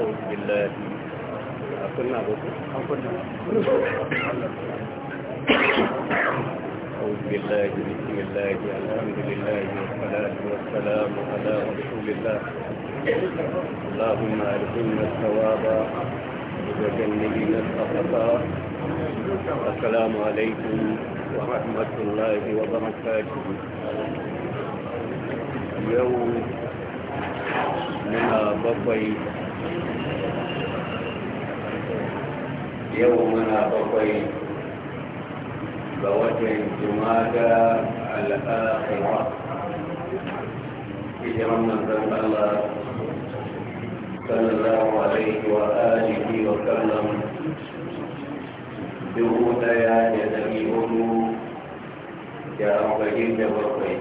أعوذ بالله أقولنا أعوذ بالله بسم الله الحمد لله والصلاة والسلام على رسول الله اللهم ألهمنا الثواب وجنبنا الخطأ السلام عليكم ورحمة الله وبركاته اليوم من بابي يومنا نطفي بوجه جمادى الآخرة إجرم من الله صلى الله عليه وآله وسلم جهود يا جدبي أمو يا أبهين جبرقين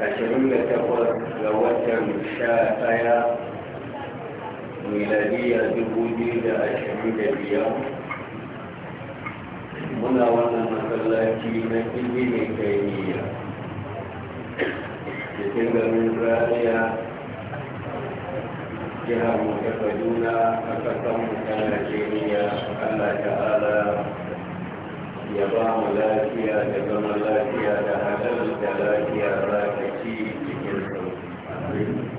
أشهد لك قد لوجه شافيا miladiya dubu biyu da ashirin da biyar muna wannan masallaci na fili mai kai niyya cikin garin rariya jihar mu ta kaduna a kasan mu ta najeriya allah ta'ala ya ba mu lafiya da zama lafiya da hadar da lafiya za ta ci cikin sauki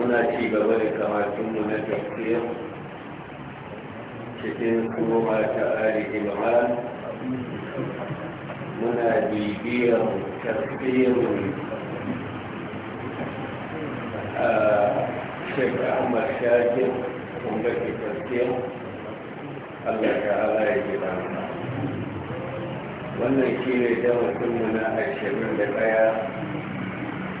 muna ci gaba da karatunmu na tafsir cikin kuma ta ali imran muna bibiyar tafsirin a shek ahmad shakir kuma ke tafsir allah ta'ala ya gina wannan shi ne damasinmu na ashirin da ɗaya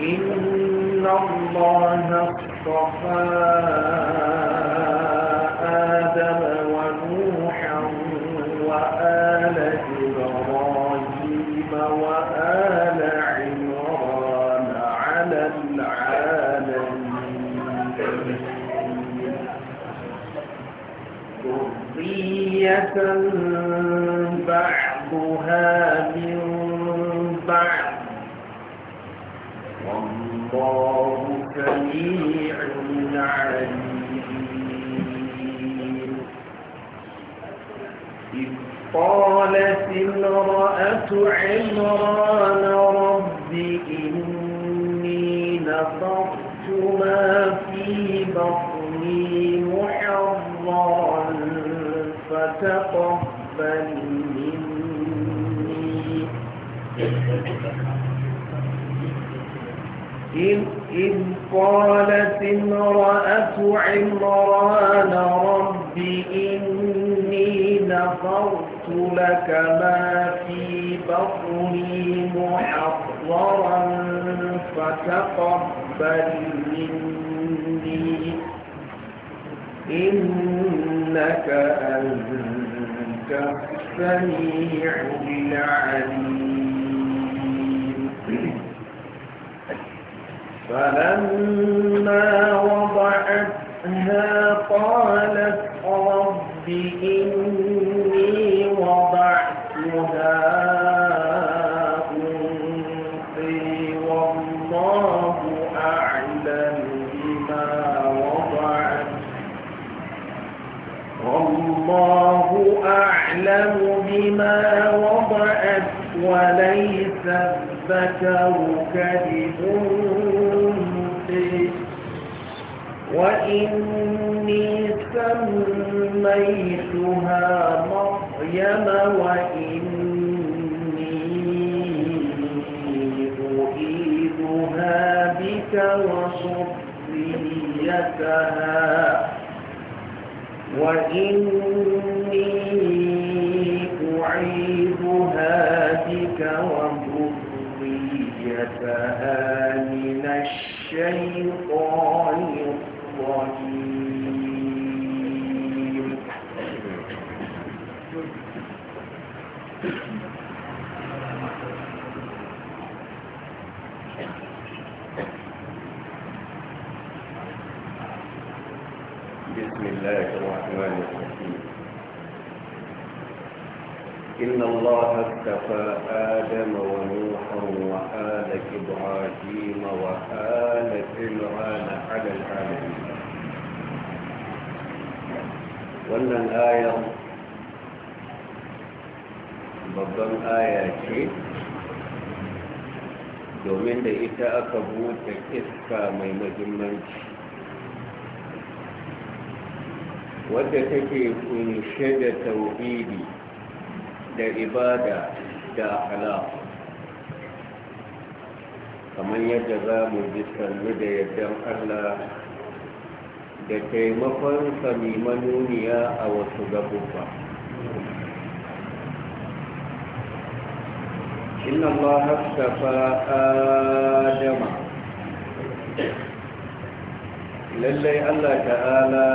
إن الله اصطفى آدم ونوحا وآل إبراهيم وآل عمران على العالمين ذرية بعضها من بعد والله سميع عليم إذ قالت امرأة عمران رب إني نصرت ما في بطني محررا فتقبل مني إذ, قالت امرأة عمران رب إني نفرت لك ما في بطني محضرا فتقبل مني إنك أنت السميع العليم فلما وضعتها قالت رب إني وضعتها أنثي والله أعلم بما وضعت والله أعلم بما وضعت وليس الذكر كالأنثى وإني سميتها مريم وإني أعيدها بك وصفيتها وإني أعيدها بك وذريتها من الشيطان da ita aka bude iska mai mahimmanci wadda take kunshe da tauhidi da ibada da halal kamar yadda za mu ji sannu da yardan allah da taimakon sami manuniya a wasu gabuwa إن الله اكتفى آدم للي الله تعالى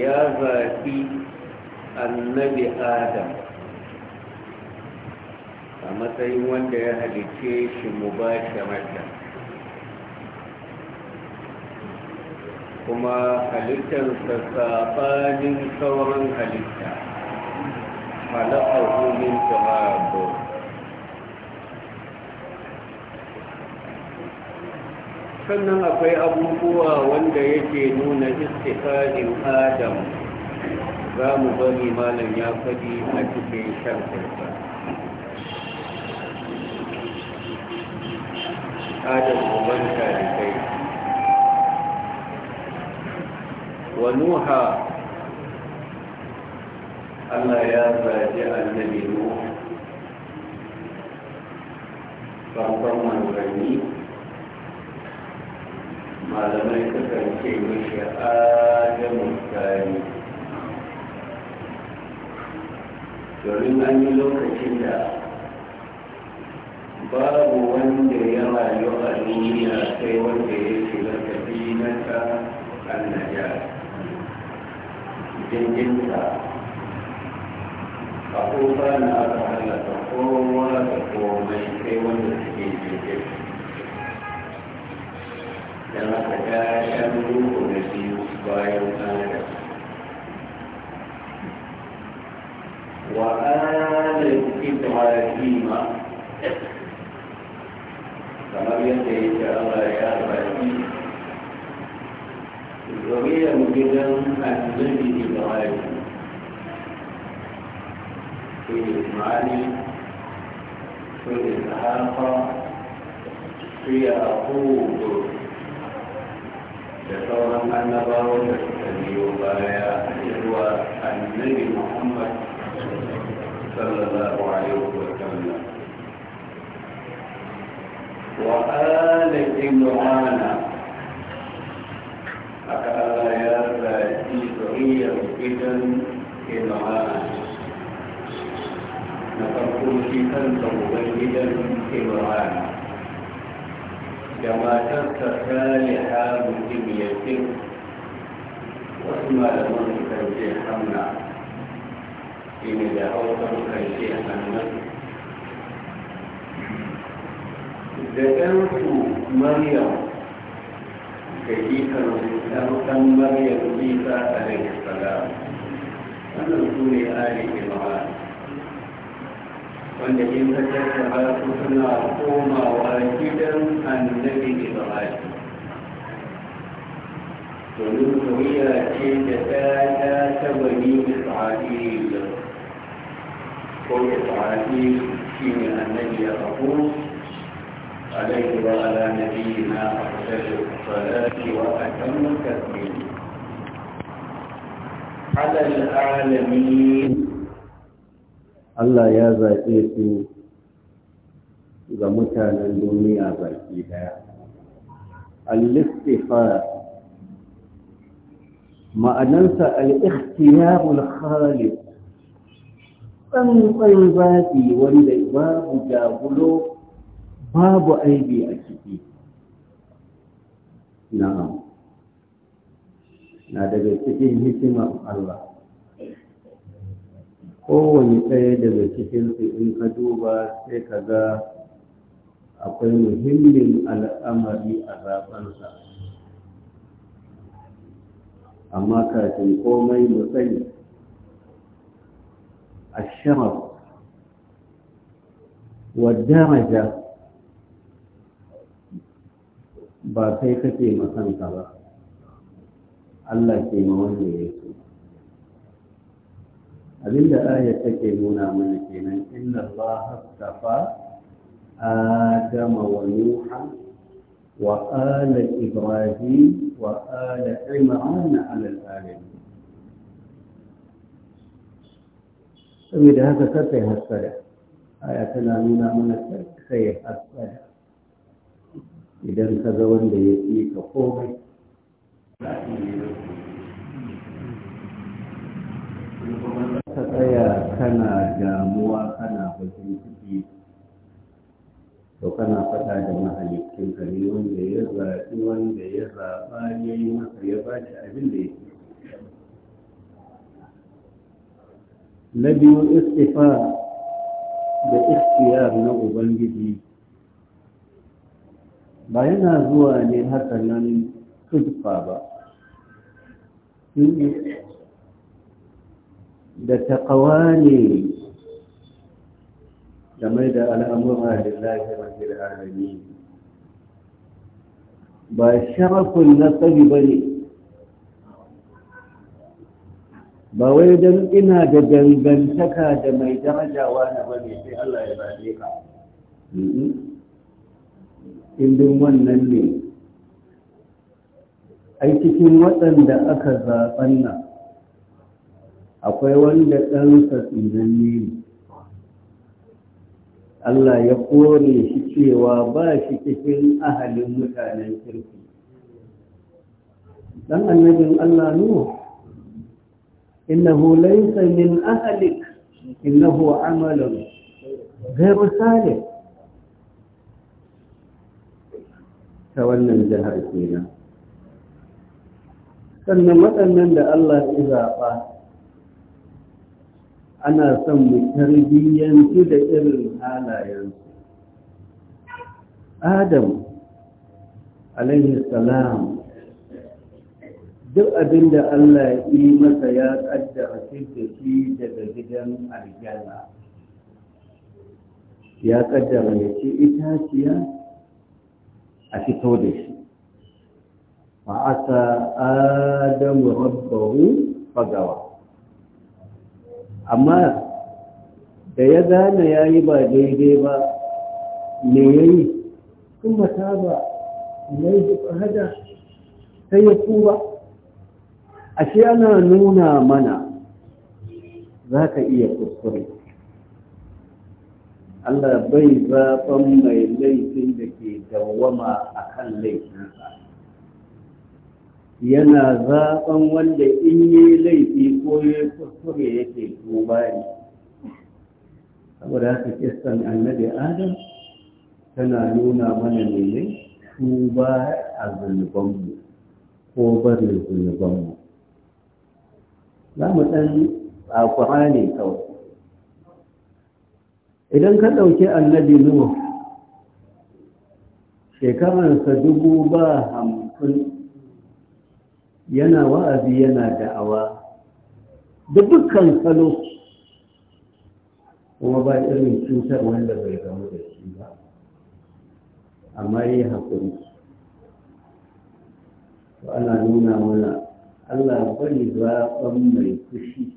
يا ذاتي النبي آدم أما تيوان ده هلتيش مباشرة kuma halittarsa saɓanin sauran halitta خلقه من تراب sannan akwai abubuwa wanda yake nuna istifadin adam za mu bari malam ya faɗi a cikin shan karfa adam uban tarikai wa nuha Allah ya zaji annabi Nuhu farkon manzanni malamai kasance ce mishi adamu tsari domin an yi lokacin da babu wanda ya rayu a duniya sai wanda ya shiga tafi na ta annaja jirginta a kofa na kowa da komai sai wanda suke biyu bayan kanada wa alin ibrahim kamar yadda ya ya gidan annabi ibrahim في المعاني في الزهاقة في أقود لطورا النبا والتسلي وبايا هو النبي محمد صلى الله عليه وسلم وآل إمران أكالا يا ذاتي ذرية إذن إمران ko shi kansa ubangidan imran da matarsa saliha mutum yakin wasu malaman su ce hamna shi da hausa su karfe hannun da ɗansu maryam da jikar ɗan maryam bisa alaihi salam wannan su ne ali imran wanda in ka tattara su suna komawa gidan annabi ibrahim domin zuriya ce da ɗaya ta bani isra'il ko isra'il shi ne annabi ya abu عليه وعلى نبينا أفضل الصلاة وأتم التسليم على العالمين Allah ya zaɓe su ga mutanen duniya baki daya al-istifar ma'anansa al-ikhtiyarul khalid tsantsan zaɓi wanda babu jagulo babu aibi a ciki na'am na daga cikin hikimar Allah kowane ɗaya daga cikinsu in ka duba sai ka ga akwai muhimmin al'amari a zafansa amma kafin komai mu sani a sharaf wadda ba kai kake masanta ba Allah ke ma wanda ya so abinda ayat take nuna mana kenan inna Allah astafa آدم ونوحا وآل إبراهيم وآل عمران على العالمين saboda haka kasa ya hasada aya tana nuna mana kasa ya hasada idan ka ga wanda ya fi ka komai ka tsaya kana damuwa kana bakin ciki to kana faɗa da mahalicin kare wanda ya zaɓi wanda ya zaɓa ya yi masa ya ba shi abin da ya ke na biyu istifa da ikhtiyar na ubangiji ba yana zuwa ne hakanan nan ba da taqwa ne da mai da al'amura lillahi rabbil alamin ba sharafun nasabi bane ba wai don ina da dangantaka da mai darajawa na ba ne sai Allah ya zaɓe ka indin mm-hmm. wannan ne ai cikin waɗanda aka zaɓen nan akwai wanda ɗansa tsinanni ne Allah ya kore shi cewa ba shi cikin ahalin mutanen kirki dan annabin Allah nu innahu laysa min ahalik innahu amalun ghayru salih ta wannan jihar kenan sannan waɗannan da Allah ya zaɓa ana son mu tarbiyyantu da irin halayensu adam alaihi salam duk abin da Allah ya yi masa ya kaddara da shi daga gidan aljanna ya kaddara ya ce itaciya a fito da shi fa'asa adamu rabbahu fagawa amma da ya gane ya yi ba daidai ba me ya yi kuma ta ba ya yi hada yi kuwa? A shi ana nuna mana za ka iya kuskure Allah bai zafan mai laifin da ke dawwama a kan laifinsa yana zaɓan wanda in yi laifi ko ya kuskure yake tuba ne saboda haka kistan annabi adam tana nuna mana ne tuba a zunubanmu ko barin zunubanmu za mu ɗan tsakura ne kawai idan ka ɗauki annabi nuwa shekararsa dubu ba hamsin yana wa'azi yana da'awa da dukkan salo kuma ba irin cutar wanda bai gamu da shi ba amma yi haƙuri to ana nuna mana allah bari zaɓen mai fushi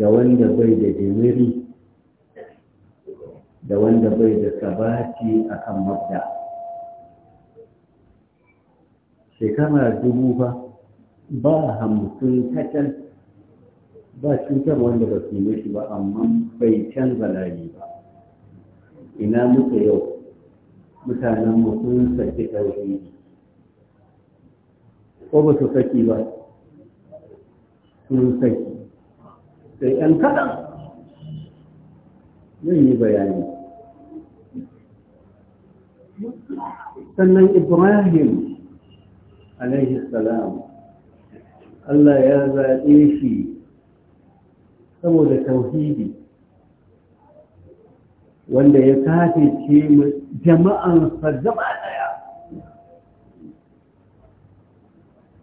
da wanda bai da jimiri da wanda bai da sabati kan mabda. shekara dubu ba, ba hamsin kacal ba cutar wanda ba su yi ba amma bai canza layi ba ina muka yau mutanen sun saki tauhidi ko ba su saki ba sun saki sai ‘yan kaɗan zan yi bayani sannan ibrahim alaihi salam Allah ya zaɓe shi saboda tauhidi wanda ya kafice jama'ansa gaba ɗaya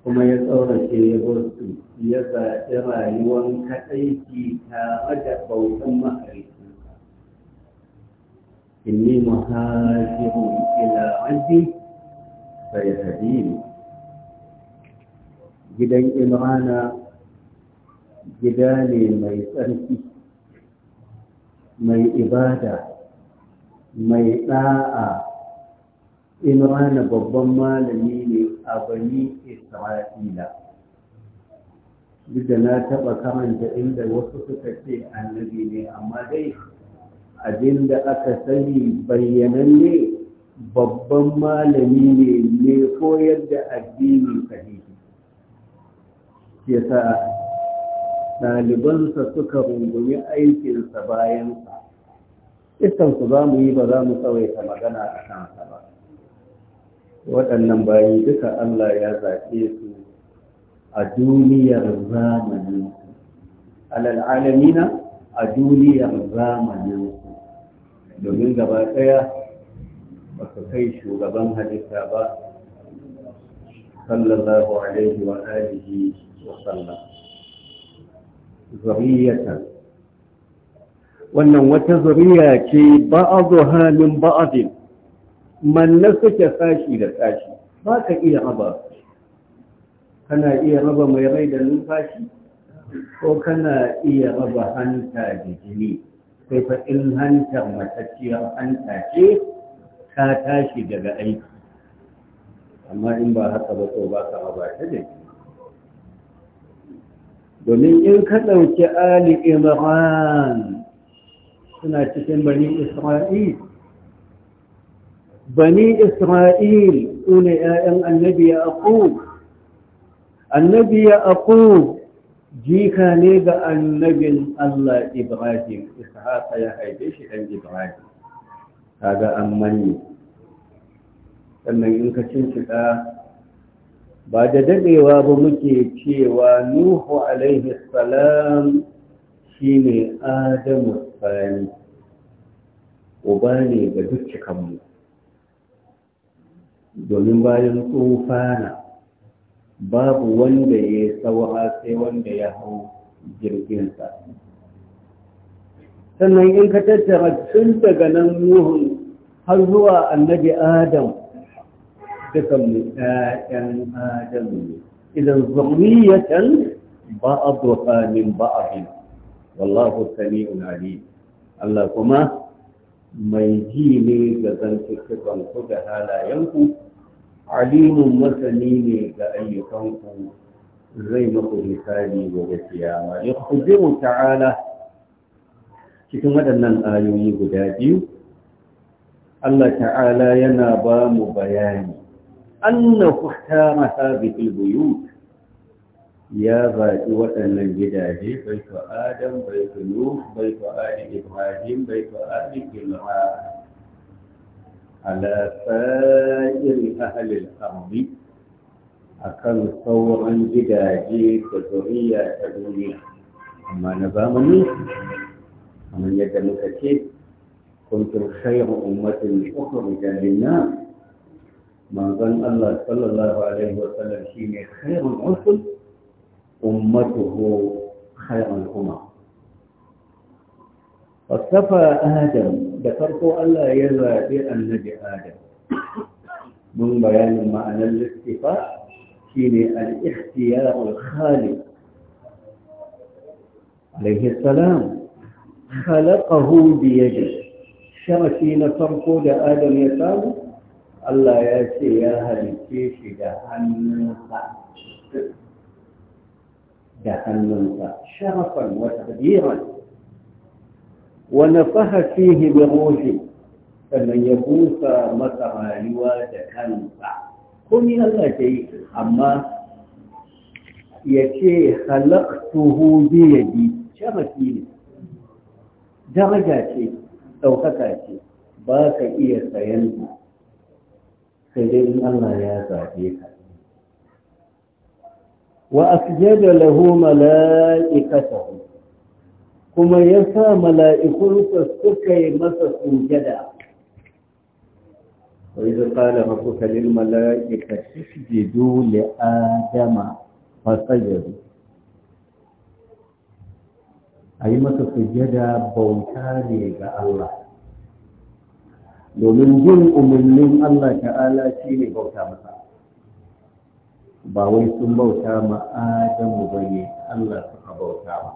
kuma ya tsaurace ya basu ya zaɓi rayuwar kaɗaiki tare da bautan mahaifinsa inni muhajirun ila rabbi sai hadini gidan imrana gida ne mai tsarki mai ibada mai ɗa'a imrana babban malami ne a bani isra'ila duk da na taɓa karanta inda wasu suka ce annabi ne amma dai abinda aka sani bayyananne babban malami ne ne koyar da addini sahihi ya sa ɗalibansa suka rungumi aikinsa bayansa istansu za mu yi ba za mu tsawaita magana a kansa ba waɗannan bayi duka Allah ya zaɓe su a duniyar Alal alamina a duniyar zamanin domin gaba ɗaya ba su kai shugaban halitta ba sallallahu alaihi wa alihi وسلم wannan wata zuriya ce ba a zuha min ba'adin manna sashi da sashi ba ka iya raba kana iya raba mai rai da numfashi ko kana iya raba hanta da jini sai fa in hantar matacciyar hanta ce ka tashi daga aiki amma in ba haka ba to ba ka raba ta da domin in ka ɗauki ali imran suna cikin bani isra'il bani isra'il su 'ya'yan annabi ya annabi ya jika ne ga annabin Allah Ibrahim Ishaqa ya haife shi dan Ibrahim kaga an manne sannan in ka cincika ba da daɗewa ba muke cewa nuhu alaihi salam ne adamu sani uba ne ga dukkanmu domin bayan tsofana babu wanda ya saura sai wanda ya hau jirginsa sannan in ka tattara tun daga nan nuhun har zuwa annabi adam dukan mu ƴaƴan adam ne idan zurriyatan ba'dha min ba wallahu sami'un alim Allah kuma mai ji ne ga zantukan ku da halayenku alimun masani ne ga ayyukanku zai maku misali gobe kiyama ya kuzimu ta'ala cikin waɗannan ayoyi guda biyu Allah ta'ala yana ba mu bayani annahu tama sabitul buyut ya zaɓi waɗannan gidaje bai adam bai fa nuh bai ibrahim bai fa ali kilma ala sa'ir ahli al akan sauran gidaje da zuriya ta duniya amma na ummatin مازن الله صلى الله عليه وسلم شيني خير العسل أمته خير الأمة فاصطفى آدم ذكرت أن لا يزى النبي آدم من بيان معنى الاصطفاء شيني الاختيار الخالق عليه السلام خلقه بيده شمسين صرفه لآدم يسامه Allah ya ce ya halice shi da hannunsa da hannunsa sharafan wa tadbiran wa nafaha fihi bi ruhi sannan ya busa masa rayuwa da kansa komai Allah ta yi amma ya ce halaktuhu bi yadi sharafi ne daraja ce ɗaukaka ce ba ka iya sayan sai dai in Allah ya zaɓe ka wa asjada lahu mala'ikatahu kuma ya sa mala'ikunsa suka yi masa sujada wa idza qala rabbuka lil mala'ikati isjudu li adama fasajadu ayi masa sujada bauta ne ga Allah domin jin umarnin Allah ta'ala shi ne bauta masa ba wai sun bauta ma Adamu ba ne Allah suka bauta ba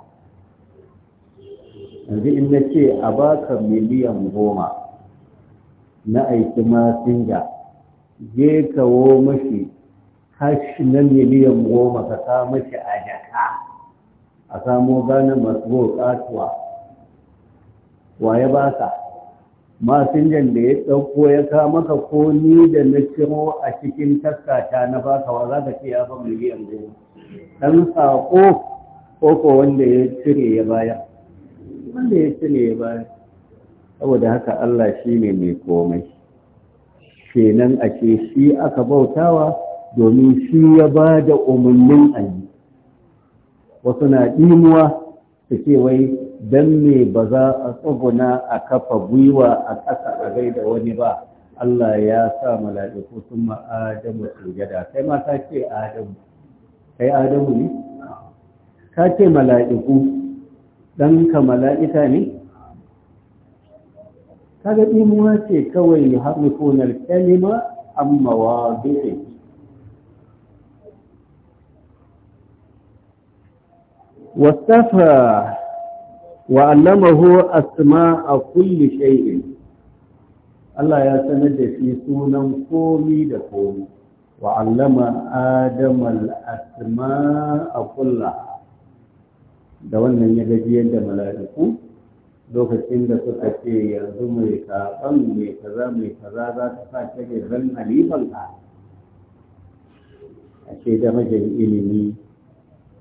yanzu in na ce a baka miliyan goma na aiki masinja je kawo mashi kashi na miliyan goma ka sa mashi a jaka a samo gane masu katuwa wa ya baka masinjan da ya ɗauko ya ka maka ko ni da na ciro a cikin taskata na baka wa za ka ce ya miliyan goma ɗan saƙo ko wanda ya cire ya baya wanda ya cire ya baya saboda haka Allah shi ne mai komai kenan a ce shi aka bautawa domin shi ya ba da umarnin ayi wasu na ɗimuwa su ce wai don me ba za a tsuguna a kafa gwiwa a ƙasa a gaida wani ba Allah ya sa mala'iku sun ma'adamu sujada kai ma ka ce adamu kai adamu ne ka ce mala'iku ka mala'ika ne kaga ɗimuwa ce kawai harfunar kalima amma wa bihe wasafa wa allamahu asma'a kulli shay'in Allah ya sanar da shi sunan komi da komi wa allama adama al kulla. da wannan ya gajiyar da mala'iku lokacin da suka ce yanzu mai saɓan mai kaza mai kaza za ta sa ta ne zan halifan a ce da majin ilimi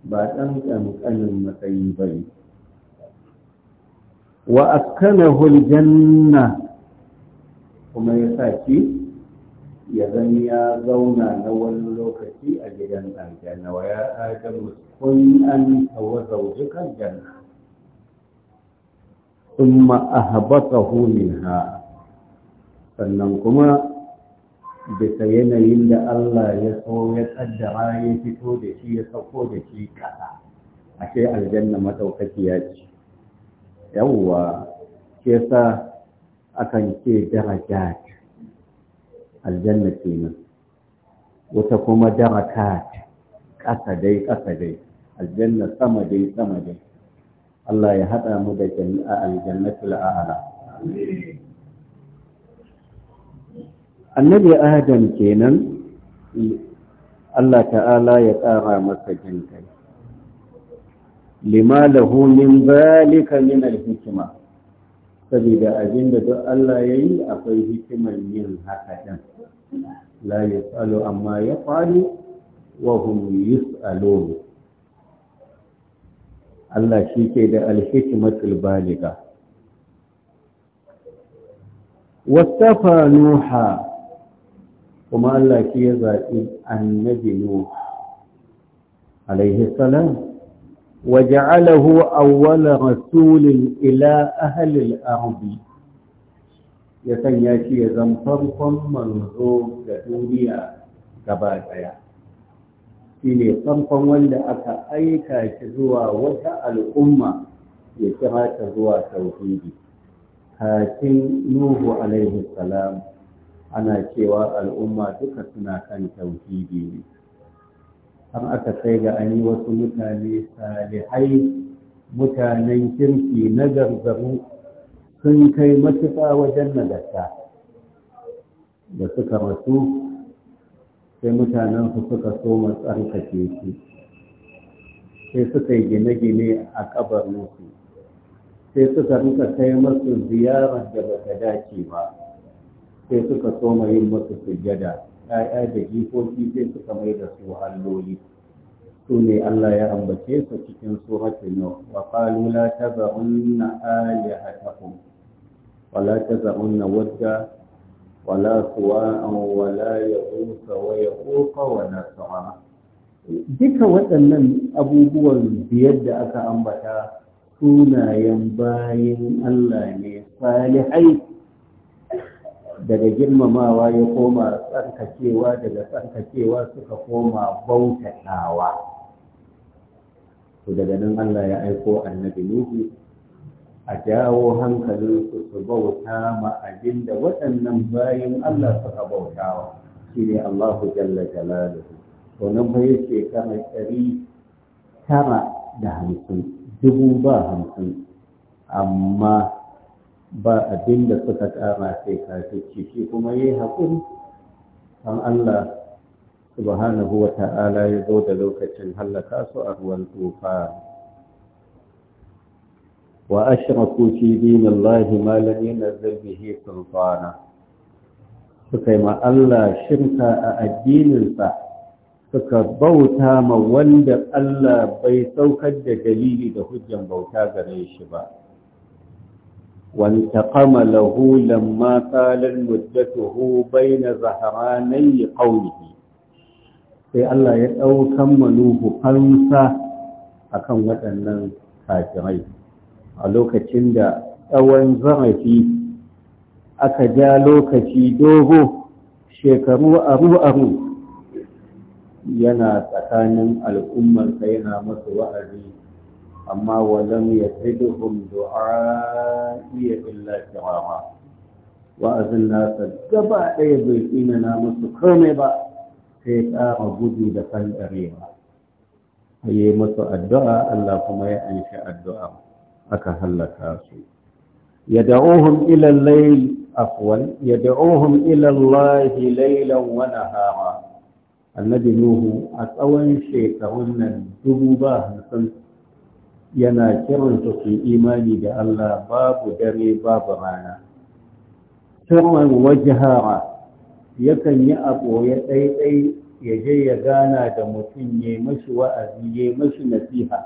ba ɗan ƙanƙanin matsayi ba wa askanahu aljanna kuma ya sa shi ya zan zauna na wani lokaci a gidan aljanna wa ya adamu kun an tawa zaujikan janna thumma ahbatahu minha sannan kuma bisa yanayin da Allah ya so ya kaddara ya fito da shi ya sauko da shi kasa ashe aljanna ya ce yawwa ke sa akan ce daraja aljanna kenan wata kuma daraka ƙasa dai ƙasa dai aljanna sama dai sama dai Allah ya haɗa mu da jami'a aljannatul a'ala annabi adam kenan Allah ta'ala ya ƙara masa jin kai lima da min zalika min hikima saboda abinda duk Allah ya yi, akwai hikimar yin haka ɗin la tsalo amma faru wa hum yusalun Allah shi ke da al baliga Wata nuha kuma Allah shi ya zaɓi annabi nuh alaihi salam ila وجعله Arbi. رسول ya أهل الأرض يسنى شيء زمفركم منظور لدنيا كبادايا shine farkon wanda aka aika shi zuwa wata al'umma ya kira ta zuwa tauhidi kafin nuhu alaihi salam ana cewa al'umma duka suna kan tauhidi ne har aka kai ga ani wasu mutane salihai mutanen kirki na garzaru sun kai matuƙa wajen nagarta da suka rasu sai mutanen su suka so matsarkake shi sai suka yi gine-gine a kabarinsu sai suka rika kai masu ziyarar da ba ta dace ba sai suka so yin masu sujjada 'ya'ya da jikoki zai suka mai da su alloli su ne Allah ya ambace su cikin suratul nur wa qalu la tazarunna alihatakum wa la tazarunna wadda wa la suwa'an wa la yaghus wa yaquq wa nas'a duka waɗannan abubuwan biyar da aka ambata sunayen bayan Allah ne salihai daga girmamawa ya koma tsarkakewa daga tsarkakewa suka koma bautatawa to daga nan Allah ya aiko annabi Nuhu a jawo hankalin su su bauta ma abin da waɗannan bayan Allah suka bautawa shi ne Allahu jalla jalaluhu to nan fa yake kama ɗari tara da hamsin dubu ba hamsin amma ba abin da suka kama sai kafirci ki, kuma yi haƙuri an Allah subhanahu wa ta'ala ya zo da lokacin hallaka su a ruwan tufa wa ashraku fi dinillahi ma lam yunzil bihi sultana suka ma Allah shirka a addininsa suka bauta ma wanda Allah bai saukar da dalili da hujjan bauta gare shi ba وانتقم له لما طالت مدته بين زهراني قومه sai Allah ya ɗaukan manuhu fansa akan waɗannan kafirai a lokacin da tsawon zarafi aka ja lokaci dogo shekaru aru-aru yana tsakanin al'ummarsa yana masu wa'azi amma walam ya tajihun du'a iya illa firara wa'azin nasa gaba ɗaya bai na musu komai ba sai ya ƙara gudu da fankarewa a yi musu addu'a Allah kuma ya anshi addu'a aka hallaka su ya da'uhun ilan lail afwal ya da'uhun ilan lahi lailan wani hara annabi nuhu a tsawon shekarun nan dubu ba hamsin yana kiranta su imani da Allah babu dare babu rana sirran wajahara yakan yi a ɓoye ɗaiɗai ya je ya gana da mutum ya mashi wa'azi ya mashi nasiha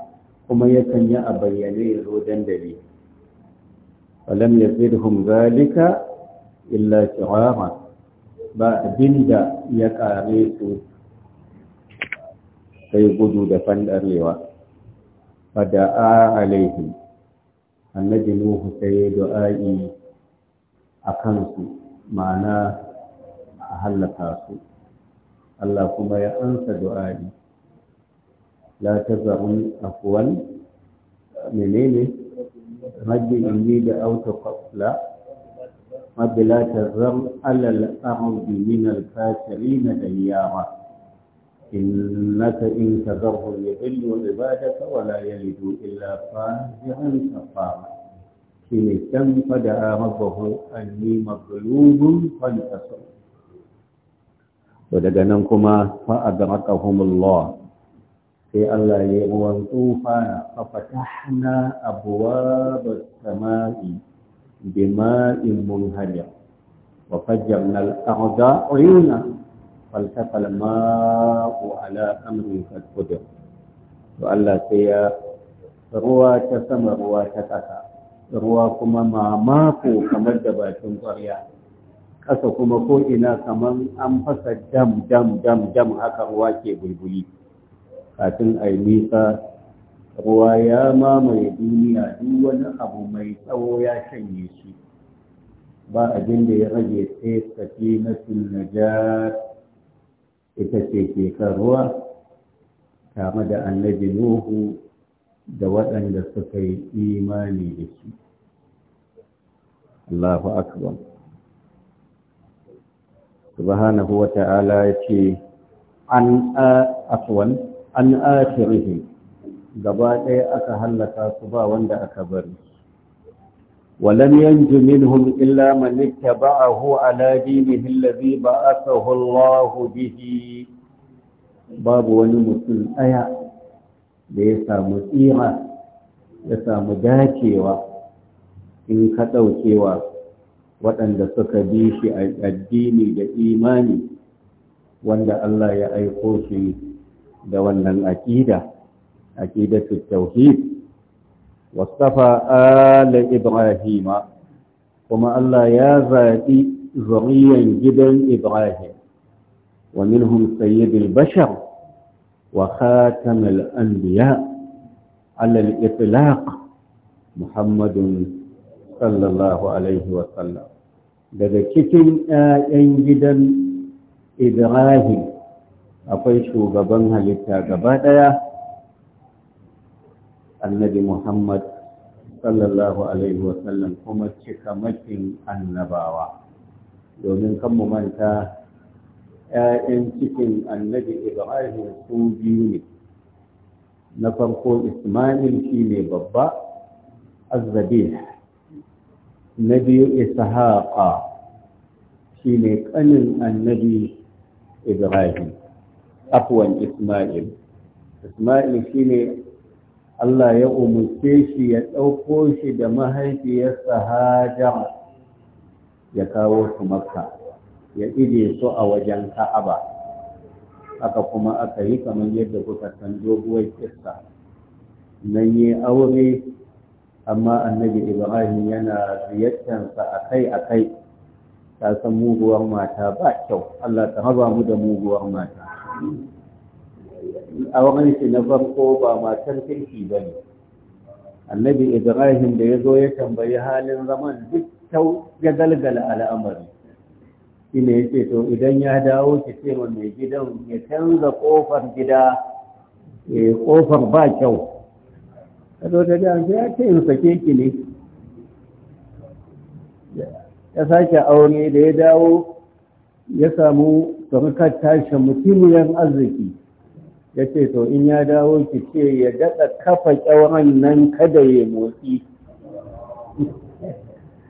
kuma yakan yi a bayyane ya zo dandali falam ya zirhum zalika illa shirara ba abin da ya ƙare su sai gudu da fanɗarewa fada'a alaihi annabi nuhu sai du'a'i a kansu ma'ana a hallaka su Allah kuma ya ansa du'a'i la tazarun afwan menene rabbi inni da auta qabla rabbi la tazar alal ardi min al-kafirin dayyara إنك إن تذرهم يضلوا عبادك ولا يلدوا إلا فاجعا كفارا حين اهتم فدعا ربه أني مظلوم فانتصر ودغنكما فأدركهم الله في الله يغوان طوفانا ففتحنا أبواب السماء بماء منهمر وفجرنا الأرض عيونا فالتقى الماء على أمر قد قدر وألا سيا ruwa ta sama ruwa ta ƙasa ruwa kuma mamako kamar da bakin ƙwarya ƙasa kuma ko'ina kamar an fasa dam dam dam dam haka ruwa ke bulbuli kafin a yi nisa ruwa ya mamaye duniya duk wani abu mai tsawo ya shanye shi ba abinda ya rage sai safi na najat ita ce ke kan ruwa tare da annabi nuhu da waɗanda suka yi imani da shi Allahu akbar subhanahu wa ta'ala ya ce an afwan an gaba ɗaya aka hallaka su ba wanda aka bari ولم ينج منهم إلا من اتبعه على دينه الذي بعثه الله به باب ونمسل آية ليس مسيرا ليس مداكيوة إن كتو كتوكيوة وأن بيش الدين الإيماني وأن الله يأيقوش دوانا أكيدة أكيدة التوحيد wastafa ala ibrahima kuma Allah ya zaɓi zuriyan gidan ibrahim wa minhum sayyidul bashar wa khatamul anbiya ala al-itlaq muhammadun sallallahu alaihi wasallam daga cikin 'ya'yan gidan ibrahim akwai shugaban halitta gaba ɗaya annabi Muhammad sallallahu alaihi wasallam kuma makin annabawa domin kan mu manta ‘ya'yan cikin annabi Ibrahim su biyu ne na farko Ismail shi ne babba azzabi na biyu Ishaqa shi ne ƙanin annabi Ibrahim afwan Ismail Ismail shi ne Allah ya umurce shi ya ɗauko shi da mahaifiyarsa Hajara ya kawo su Makka ya ije su a wajen Ka'aba Haka kuma aka yi kamar yadda kuka san doguwar kissa nan yi aure amma annabi Ibrahim yana ziyartarsa akai-akai ta san muguwar mata ba kyau Allah ta raba mu da muguwar mata a wani na farko ba matar kirki ba ne annabi ibrahim da ya zo ya tambayi halin zaman duk tau ya galgala al'amari shi ne ya ce to idan ya dawo ki ce wa mai gidan ya canza kofar gida kofar ba kyau ka zo da ya ce in sake ki ne ya sake aure da ya dawo ya samu sarkar tashin mutumiyar arziki ya ce to in ya dawo ki ce ya daɗa kafa ƙyauren nan kada ya motsi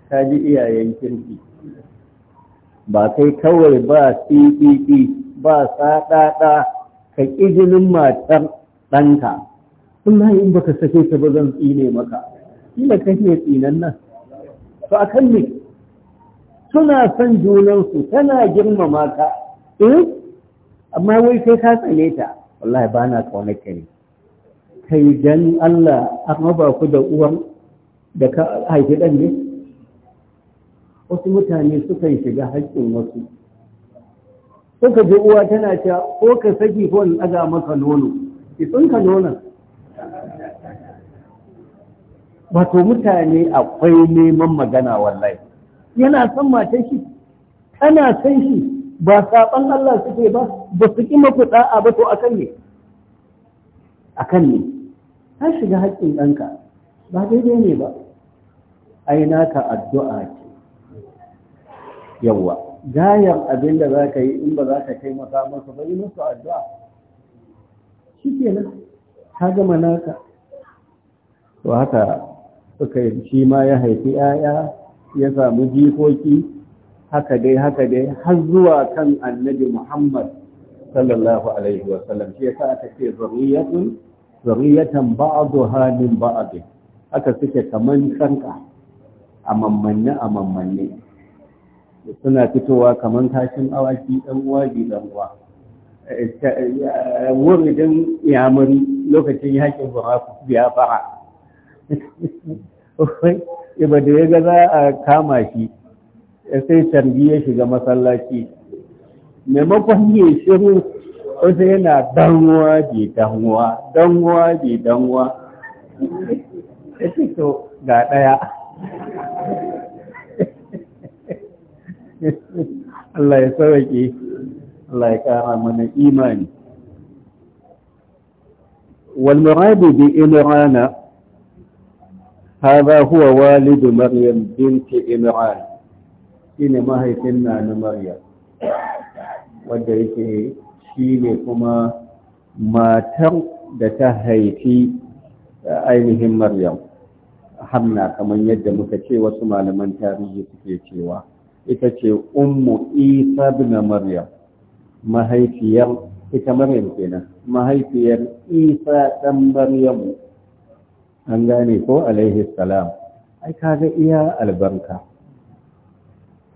ta ji iyayen kirki ba kai kawai ba cdd e e, ba saɗaɗa ka jinin matar ɗanka Allah in baka sake ta ba zan tsine maka kila ka ne tsinan nan to a ne suna son junansu tana girmama ka eh amma wai sai ka tsane ta wallahi ba na kaunaka ne kai dan Allah an ba ku da uwan da ka haifi dan ne wasu mutane sukan shiga haƙƙin wasu suka ji uwa tana cewa ko ka saki ko in ɗaga maka nono ki tsinka nonon wato mutane akwai neman magana wallahi yana son matar shi tana san shi ba saɓan Allah suke ba ba su ƙi mafi ɗa'a ba to akan ne akan ne ta shiga haƙƙin ɗanka ba daidai ne ba ai naka addu'a ce yawwa gayan abin da za ka yi in ba za ka taimaka masa ba yi musu addu'a shi ke nan ta gama naka to haka suka yi shi ma ya haifi ‘ya'ya ya samu jikoki haka dai haka dai har zuwa kan annabi Muhammad sallallahu alaihi wa sallam shi yasa aka ce zuriyatun zuriyatan ba'daha min ba'd aka suke kaman kanka a mammanne a mammanne suna fitowa kaman kashin awaki dan uwa bi dan uwa ya yamuri lokacin yakin buraku biya fara Iba da ya ga za a kama shi sai canji ya shiga masallaci maimakon ya shiru wasu yana danwa bi danwa danwa bi danwa ya ce to ga ɗaya Allah ya sauke Allah ya ƙara mana imani والمراد بإمران هذا هو والد مريم بنت إمران shi ne mahaifin na na maryam wadda yake shi ne kuma matar da ta haifi eh, ainihin maryam hamna kamar yadda muka ce wasu malaman tarihi suke cewa ita ce ummu isa na maryam mahaifiyar ita maryam kenan mahaifiyar isa ɗan Maryam, an gane ko alaihi salam ai kaga iya albarka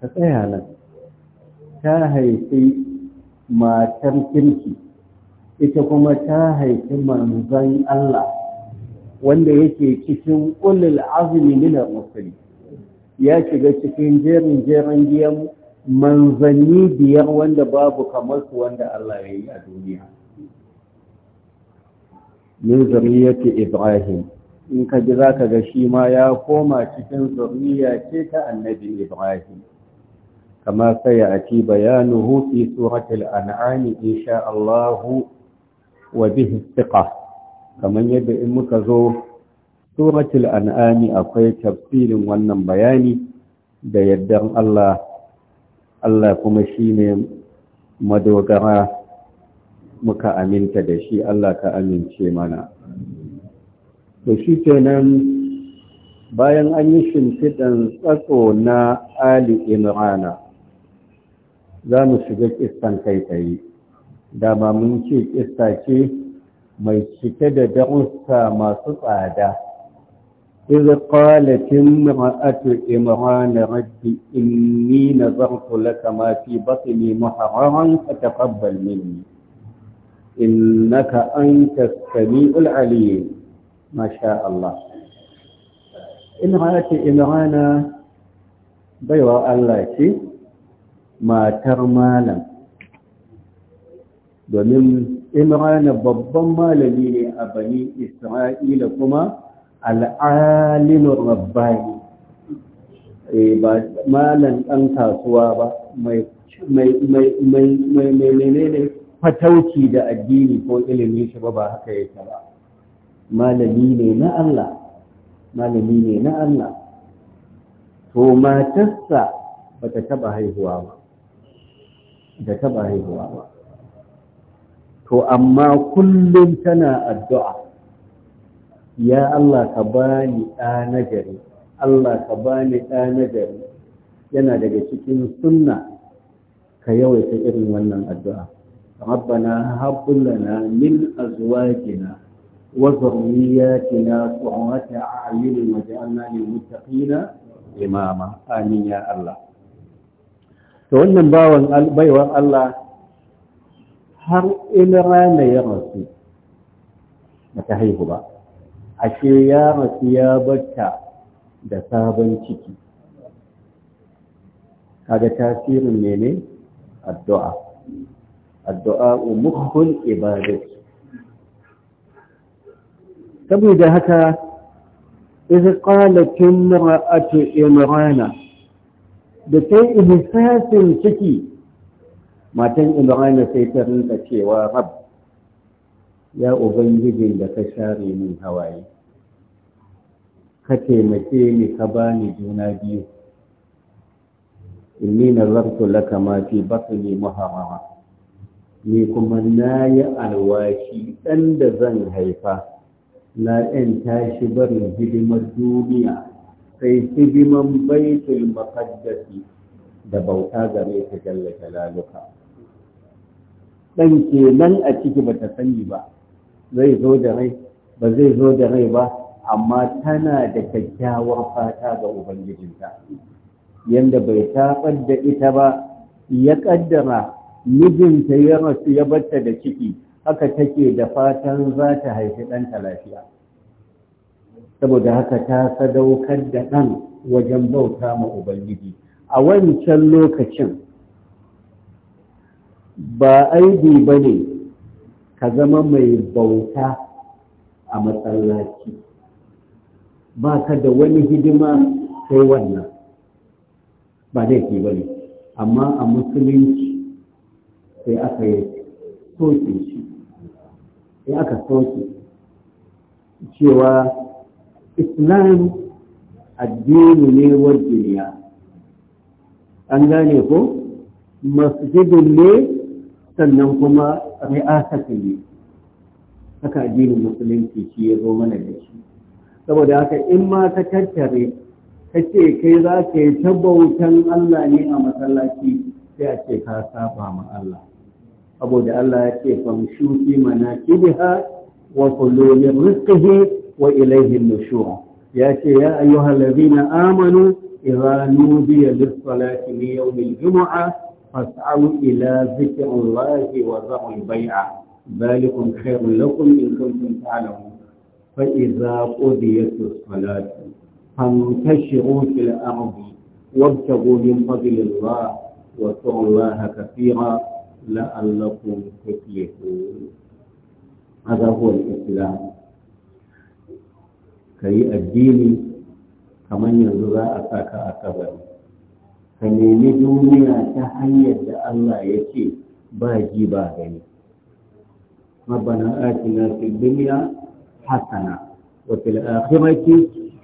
ka tsaya nan ta haifi matar kirki ita kuma ta haifi manzan Allah wanda yake cikin ulul azumi nuna musulmi ya shiga cikin jerin jerin giyan manzanni biyar wanda babu kamar su wanda Allah ya yi a duniya min zuriyati ibrahim in ka ji ka ga shi ma ya koma cikin zuriya ce ta annabi ibrahim كما سيأتي بيانه في سورة الأنعام إن شاء الله kamar yadda in muka zo سورة الأنعام akwai tafsirin wannan bayani da yardar Allah Allah kuma shi ne madogara muka aminta da shi Allah ka amince mana to shi kenan bayan an yi shimfiɗan tsatso na Ali Imrana za mu shiga kistan kai tsaye da ma mun ce kista ce mai cike da da'usta masu tsada iza kala tun ma'atu imara na rabbi in ni na zarfo laka ma basu ne mahararren a tafabbal in na ka an kaskani masha Allah ina haka imara na baiwa Allah ce matar malam domin imrana babban malami ne a bani isra'ila kuma al'alimin rabbani eh, ba malam ɗan kasuwa ba mai menene fatauci da addini ko ilimin shi ba ba haka yake ba malami ne na Allah malami ne na Allah to matarsa bata taba haihuwa ba da taba haihuwa ba to amma kullum tana addu’a ya Allah ka bani ɗa nagari Allah ka bani ɗa nagari yana daga cikin sunna ka yawaita irin wannan addu’a rabbana habbulana min azwajina wa zurriyatina qurrata a'yunin waje'alna lil muttaqina imama amin ya Allah To wannan bawan baiwar Allah har rana ya rasu ba ta haihu ba ashe ya rasu ya bata da sabon ciki kaga tasirin ne ne addu'a addu'a umukhul ibadati saboda haka idh qalat imra'atu imrana da ta yi lissafin ciki matan ibrahim sai ta rinka cewa rab ya ubangijin da ka share min hawaye ka taimake ni ka bani juna biyu inni nazartu laka ma fi batni muharrama ni kuma na yi alwashi ɗan da zan haifa na ɗan tashi barin hidimar duniya sai hidiman baitul maqaddasi da bauta gare ta jalla jalaluka dan kenan a ciki bata sani ba zai zo da rai ba zai zo da rai ba amma tana da kyakkyawar fata ga ubangijinta yanda bai tabar da ita ba ya kaddara mijinta ya rasu ya batta da ciki haka take da fatan za ta haifi ɗanta lafiya saboda haka ta sadaukar da ɗan wajen bauta ma ubangiji a wancan lokacin ba aibi ba ne ka zama mai bauta a matsalaci ba ka da wani hidima sai wannan ba laifi ba ne amma a musulunci sai aka yi soke shi sai aka soke cewa islam addini ne wa duniya an gane ko masjidin ne sannan kuma ri'asatu ne haka addinin musulunci shi ya zo mana da shi saboda haka in ma ka tattare ka ce kai za ka yi ta Allah ne a masallaci sai a ce ka saba ma Allah saboda Allah ya ce famshu mana wa kullu rizqihi وإليه النشور ياتي يا أيها الذين آمنوا إذا نودي للصلاة ليوم الجمعة فاسعوا إلى ذكر الله وذروا البيع ذلكم خير لكم إن كنتم تعلمون فإذا قضيت الصلاة فانتشروا في الأرض وابتغوا من فضل الله واذكروا الله كثيرا لعلكم تفلحون هذا هو الإسلام ka yi addini kamar yanzu za a sa ka a kabari ka nemi duniya ta hanyar da Allah ya ce ba ji ba gani ربنا hasana في hasana حسنة وفي الآخرة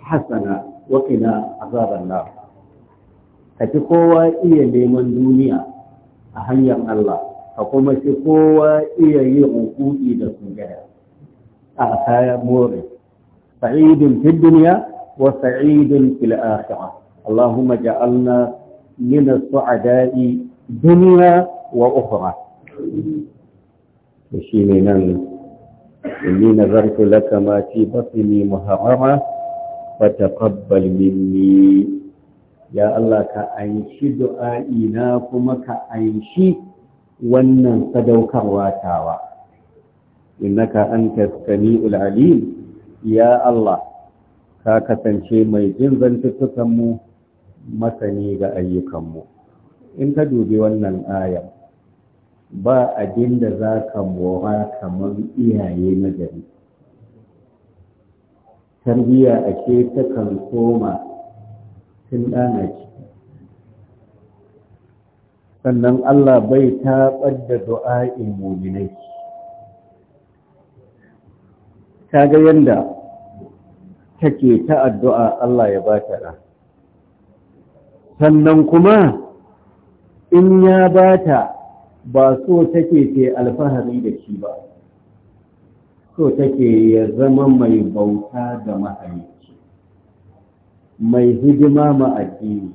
حسنة وقنا عذاب النار ka ci kowa iya neman duniya a hanyar Allah ka kuma ci kowa iya yi hukuki da sujada a kayan more سعيد في الدنيا وسعيد في الآخرة اللهم جعلنا من السعداء دنيا وأخرى وشيمنا إني نذرت لك ما في بطني مهررة فتقبل مني يا الله كأنشي دعائنا كما كأنشي wannan sadaukarwa tawa innaka antas samiul alim ya Allah ka kasance mai jin zantuttukanmu masani ga ayyukanmu in ka dubi wannan aya ba abin da za ka mora kamar iyaye na gari tarbiyya a ke takan koma tun ɗana ciki sannan Allah bai taɓar da du'a'in muminai ta ga yadda take ta addu'a Allah ya ba ta sannan kuma in ya ba ta ba so take ke alfahari da shi ba so take ya zama mai bauta ga mahalicci mai hidima ma addini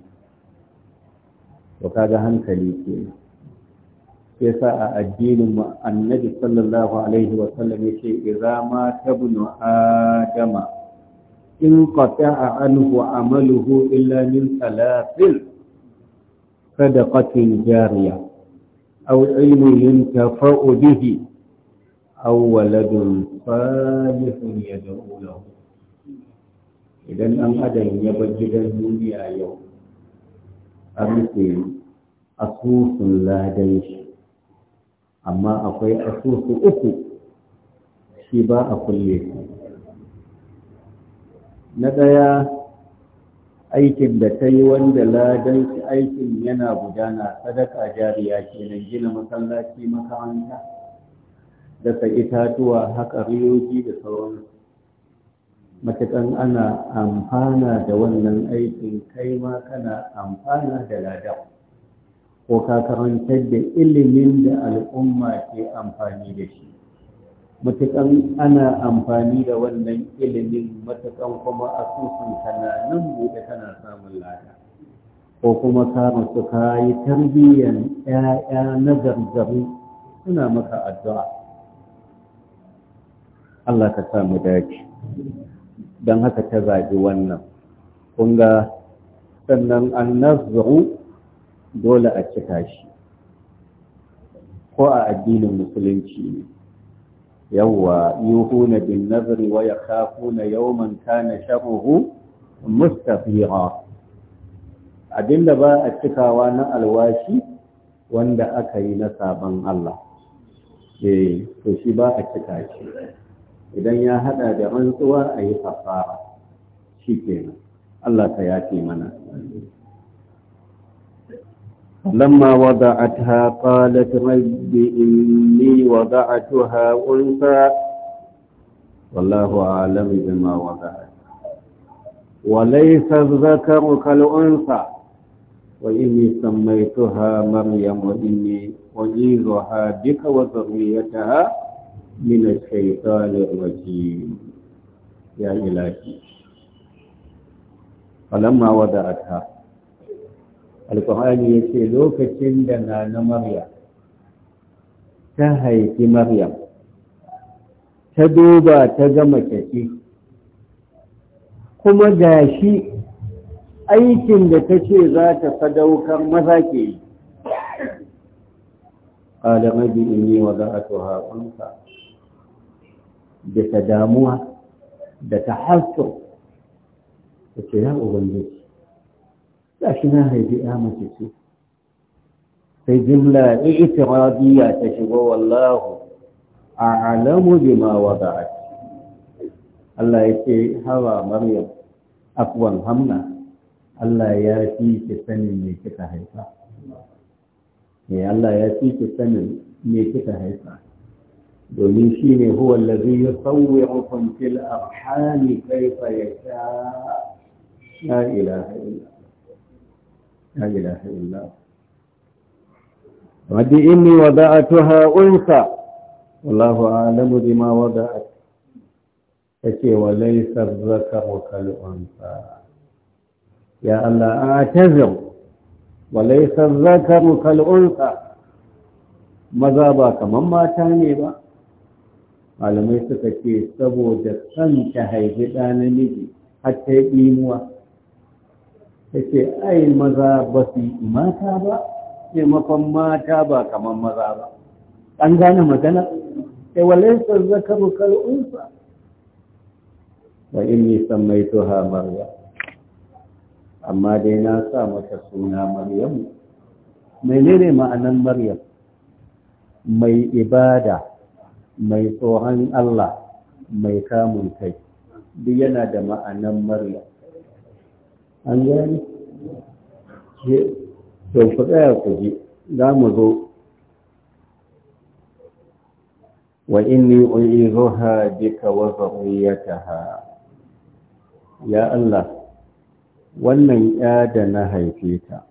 to kaga hankali kenan yasa a addinin mu annabi sallallahu alaihi wa sallam yace idza ma tabnu adama in qata'a anhu amaluhu illa min salasil sadaqatin jariyah أو علم ينتفع به أو ولد صالح يدعو له idan an adam ya bar gidan duniya yau a rufe asusun ladan shi amma akwai asusu uku shi ba a kulle su na ɗaya aikin da ta yi wanda ladan aikin yana gudana sadaka jariya ke nan gina masallaci makaranta dasa itatuwa haka riyoji da sauran matukan ana amfana da wannan aikin kai ma kana amfana da ladan ko ka karantar da ilimin da al'umma ke amfani da shi matuƙan ana amfani da wannan ilimin matukan kuma asusun kana buɗe tana samun lada ko kuma ka mutu ka yi tarbiyyar ‘ya'ya na gargaru suna maka addu'a Allah ka samu dace don haka ta zaɓi wannan kunga sannan an nazaru dole a cika shi ko a addinin musulunci ne yawwa yuhuna bin nazari wa yakhafuna yawman kana sharruhu mustafira abinda ba a cikawa na alwashi wanda aka yi na sabon Allah eh to shi ba a cika shi idan ya hada da rantsuwa a yi Shi kenan. Allah ka yafe mana لما وضعتها قالت رب إني وضعتها أنثى والله أعلم بما وضعت وليس الذكر كالأنثى وإني سميتها مريم وإني أعيذها بك وذريتها من الشيطان الرجيم يا إلهي فلما وضعتها alkuhari ya ce lokacin da na na maryam ta haifi maryam ta duba ta gama tafi kuma da shi aikin da ta ce za ta sadaukar maza ke yi ƙalamar bi wa za a da ta damuwa da ta hasso ta ce ya ubangiji ga shi na haifi ya mace ce sai jimla i'tiradiyya ta shigo wallahu a a'lamu bima wada'at Allah ya ce hawa maryam afwan hamna Allah ya fi ki sanin me kika haifa ne Allah ya fi ki sanin me kika haifa domin shi ne huwa allazi yusawwirukum fil arham kayfa yasha la ila illa wadda inni wada a tuha unsa wallahu alamu ma wada a take wa laisa zaka wakal unsa ya Allah an atazir wa laisa zaka wakal unsa maza ba kamar mata ne ba malamai suka ce saboda san ta haifi ɗa namiji har ta yi ɗimuwa yace ai maza ba su mata ba taimakon mata ba kamar maza ba an gane magana eh, sai su zaka bukar unsa nisan mai tuha maryam amma dai na sa mata suna maryam menene ma'anan maryam mai ibada mai tsohon Allah mai kamun kai duk yana da ma'anan maryam an gani ke ku tsaya ku ji za mu zo wa inni uizuha bika wa zurriyataha ya Allah wannan ya da na haife ta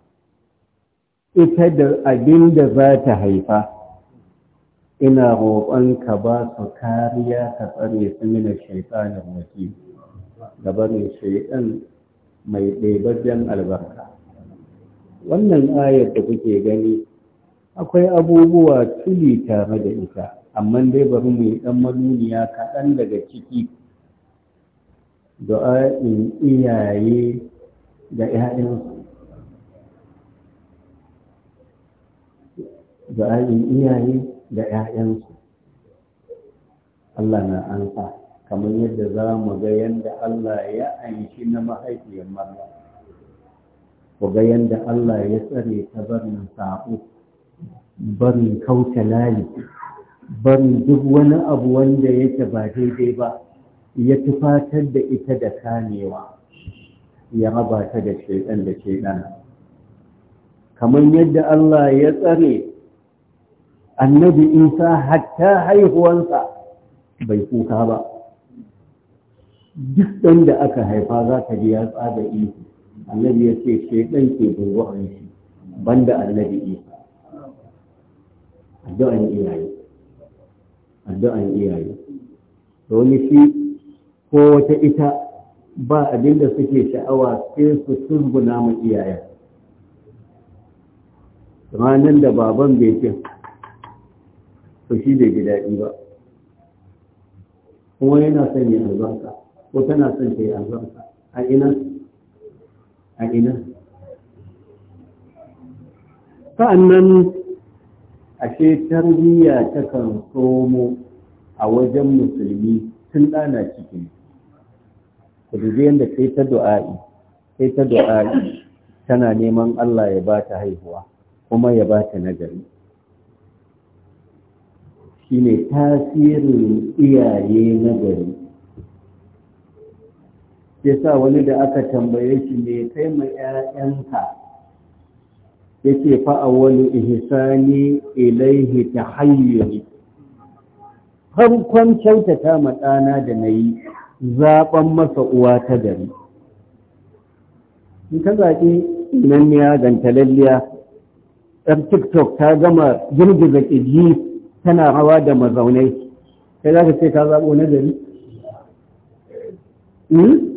ita da abinda da za ta haifa ina roƙon ka ba su kariya ka tsare su mina shaitanin wasi barin shaitan mai ɗebabben albarka wannan ayar da kuke gani akwai abubuwa tuli tare da ita amma dai bari mu yi ɗan manuniya kaɗan daga ciki du'a'in iyaye da 'ya'yansu du'a'in iyaye da 'ya'yansu Allah na ansa kamar yadda za mu ga yadda Allah ya aishi na mahaifiyar Maryam ku ga yadda Allah ya tsare ta barin sabo barin kauta layi barin duk wani abu wanda yake ba daidai ba ya tufatar da ita da kamewa ya raba ta da shaidan da shaidan kamar yadda Allah ya tsare annabi isa hatta haihuwansa bai kuka ba duk ɗan da aka haifa za ka ji ya tsada ihu annabi ya ce ɗan ke burbu'an shi banda annabi isa addu'an iyaye addu'an iyaye da wani shi ko wata ita ba abin da suke sha'awa sai su turguna ma iyayen ranar da baban bai su to shi da gida ba kuma yana son ya albarka ko tana son ta yi albarka a ina a ina sa'annan ashe tarbiyya ta kan somo a wajen musulmi tun ɗana cikin ku dubi yadda sai ta du'a'i sai ta du'a'i tana neman Allah ya ba ta haihuwa kuma ya ba ta nagari shine tasirin iyaye nagari ya sa wani da aka tambaye shi ne kai ma ‘ya'yanka ya ce wani ihisani ilaihi ta hanyoyi farkon kyautata matsana da na yi zaɓen masa uwa ta gari in ka zaɓi nan ya ganta lalliya ɗan tiktok ta gama girgiza ƙirji tana hawa da mazaunai sai za ka ce ka zaɓo na gari hmm?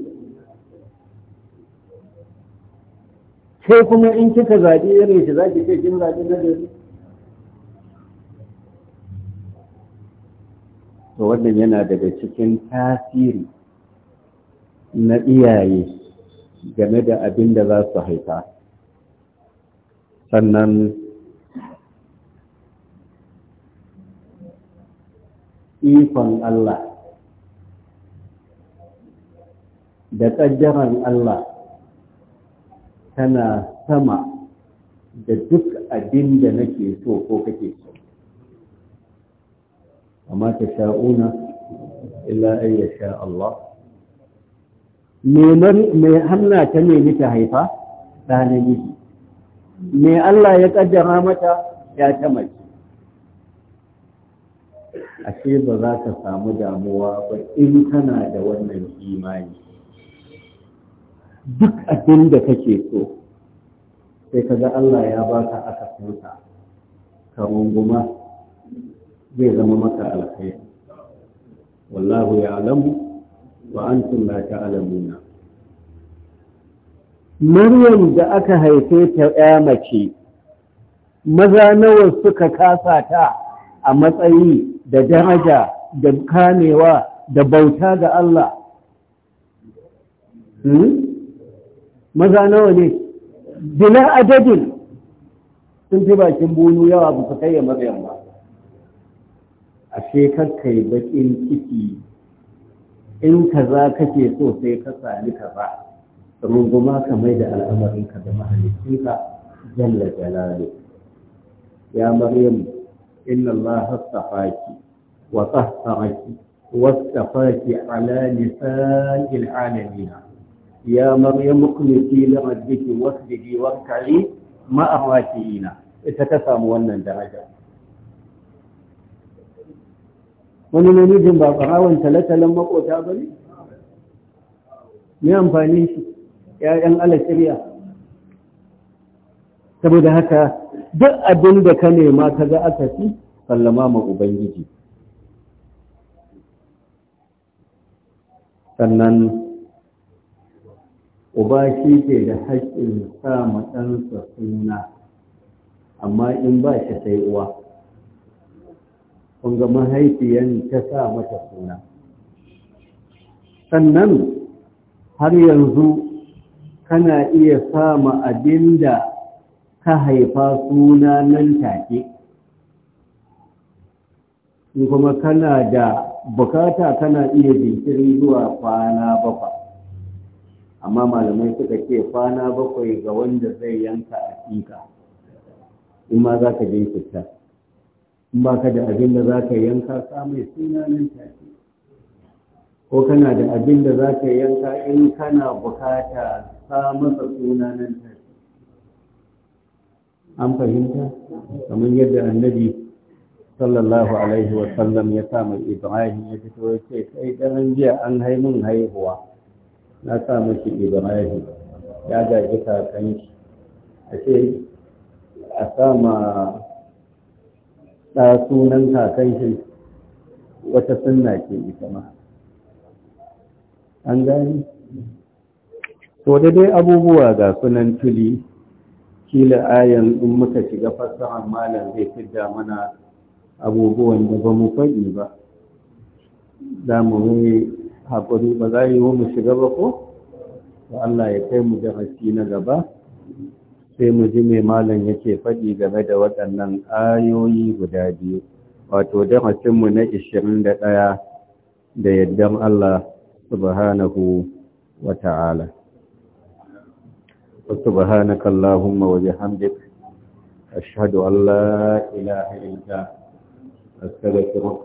sai kuma in kika zaɓi irin shi za ki ce kin zaɓi na gari to wannan yana daga cikin tasiri na iyaye game da abin da za su haifa sannan ikon Allah da ƙaddaran Allah tana sama da duk abin da nake so ko kake so amma ta sha'una illa an sha mai hanna ta nemi ta haifa Ta namiji mai Allah ya ƙaddara mata ya ta mace ashe ba za ka samu damuwa ba in kana da wannan imani duk abin da kake so sai ka ga Allah ya baka akasinsa ka runguma zai zama maka alkhairi wallahu ya'lamu wa antum la ta'lamuna Maryam da aka haife ta ya mace maza nawa suka kasa ta a matsayi da daraja da kamewa da bauta ga Allah hmm? maza nawa ne bila adadin sun fi bakin bunu yawa ba su kai ya ba a shekar kai bakin ciki in ka kaza kake so sai ka sami kaza runguma ka mai da al'amarinka da zan jalla jalalu ya maryam inna allaha astafaki wa tahharaki wastafaki ala nisa'il alamina ya maryam ukmiti li rabbiki wasjudi warka'i ma'a raki'ina ita ka samu wannan daraja wani namijin ba farawan talatalan makota ba ne? ne amfani shi ‘ya'yan alashirya saboda haka duk abin da ka nema ka ga aka fi sallama ma ubangiji sannan uba shi ke da haƙƙin sa ma ɗansa suna amma in ba shi sai uwa kunga mahaifiyan ta sa mata suna sannan har yanzu kana iya sa ma abin da ka haifa suna nan take kuma kana da bukata kana iya jinkirin zuwa kwana bakwai amma malamai suka ce kwana bakwai ga wanda zai yanka a tika in ma za ka cuta, in ba ka da abin da za ka yanka ka mai suna nan tafi, ko kana da abin da za ka yanka in kana bukata sa masa suna nan tafi. an fahimta kamar yadda annabi sallallahu alaihi wasallam ya sa mai ibrahim ya fito ya ce kai daren jiya an haimun haihuwa na sa mashi ibrahim ya gaji kakan shi a ce a sama ɗa sunan kakan shi wata sunna ke ita ma an gani to da dai abubuwa ga sunan tuli kila ayan in muka shiga fasahar malam zai fidda mana abubuwan da ba mu faɗi ba za mu haƙuri ba za yi mu shiga ba ko? to Allah ya kai mu darasi na gaba sai mu ji mai malam yake faɗi game da waɗannan ayoyi guda biyu wato mu na 21 da yaddan Allah subhanahu wa ta'ala سبحانك اللهم وبحمدك أشهد أن لا إله إلا أستغفرك